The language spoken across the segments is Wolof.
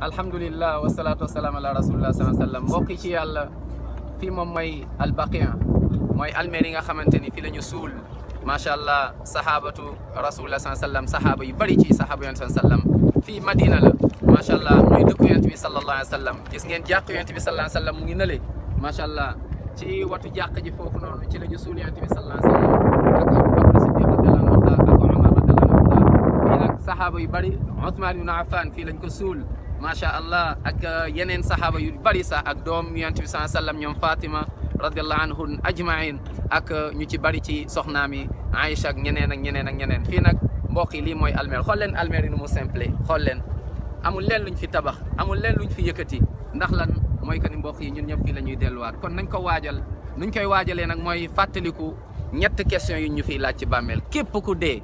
alhamdulilah wasalaatu wasalaam ala rasulillah saa sallam mbokk ci yàlla fii moom mooy albaqiya mooy almeer yi nga xamante ni fii la ñu suul macha allah sahabatu rasulillah saa sallam sahaaba yu bëri ci sahaaba yonent saa sallam fii madina la macha allah muy dëkku yonent bi sallallahu alayhi wa sallam gis ngeen jàq yonent bi sallallahu alayhi wa sallam mu ngi nële macha allah ci watu jàq ji foofu noonu ci la ñu suul yonent bi sallallahu alayhi wa sallam sahaaba yu bëri Ousmane ibn Affan fii lañ ko suul macha allah ak uh, yeneen saxaaba yu bari sax ak doom yonent bi saa sallam ñoom Fatima radiallahu anhum ajmain ak uh, ñu ci bari ci soxnaam yi Aïcha ak ñeneen ak ñeneen ak ñeneen fii nag mbokk yi lii mooy almeer xool leen almeer yi nu mu simple xool leen amul leen luñ fi tabax amul leen luñ fi yëkkati ndax lan mooy que ni mbokk yi ñun ñëpp fii la ñuy delluwaat kon nañ ko waajal nuñ koy waajalee nag mooy fàttaliku ñett question yu ñu fiy laaj ci bàmmeel képp ku dee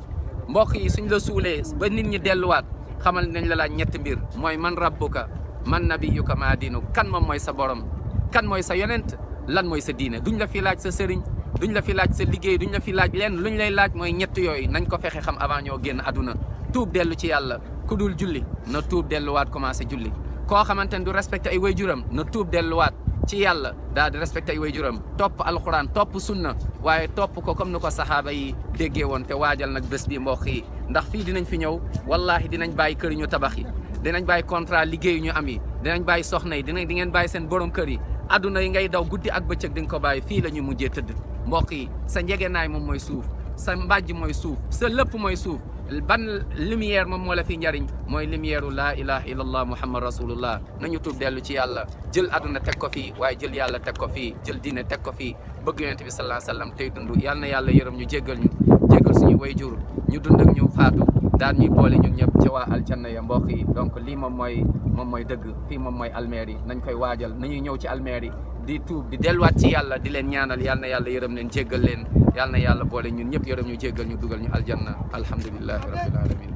mbokk yi suñ la suulee ba nit ñi delluwaat xamal nañ la laaj ñetti mbir mooy man rabbuka man nabiyuka maa diinu kan moom mooy sa borom kan mooy sa yonent lan mooy sa diine duñu la fi laaj sa sëriñ duñu la fi laaj sa liggéey duñu la fi laaj lenn luñ lay laaj mooy ñett yooyu nañ ko fexe xam avant ñoo génn aduna tuub dellu ci yàlla ku dul julli na tuub delluwaat commencé julli koo xamante ne du respecté ay way juram na tuub delluwaat ci yàlla daal di respecté ay juram topp alxuraan topp sunna waaye topp ko comme ni ko saxaaba yi déggee waajal nag bés bi mbokk yi ndax fii dinañ fi ñëw wallaahi dinañ bàyyi kër ñu tabax yi dinañ bàyyi contrat liggéey ñu am yi dinañ bàyyi soxna yi dinañ di ngeen bàyyi seen borom kër yi adduna yi ngay daw guddi ak bëccëg di ko bàyyi fi la ñu mujjee tëdd mbokk yi sa njegenaay moom mooy suuf sa mbàjj mooy suuf sa lëpp mooy suuf ban lumière moom moo la fi njariñ mooy lumière laa ilaha illallah muhammad rasulullah nañu tuub dellu ci yàlla jël àdduna teg ko fii waaye jël yàlla teg ko fii jël diine teg ko fii bëgg yonent bi sallallahu alayhi wasallam tey dund yàlla na yàlla yërëm ñu jéggal ñu nekkal suñu way jur ñu dund ak ñu faatu daan ñuy boole ñu ñëpp ci waa aljanna ya mbokk yi donc lii moom mooy moom mooy dëgg fii moom mooy almeer yi nañ koy waajal nañuy ñëw ci almeer yi di tuub di delluwaat ci yàlla di leen ñaanal yal yàlla yaram leen jéggal leen yal yàlla boole ñun ñëpp yërëm ñu jéggal ñu dugal ñu aljanna alhamdulilahi rabbil alamin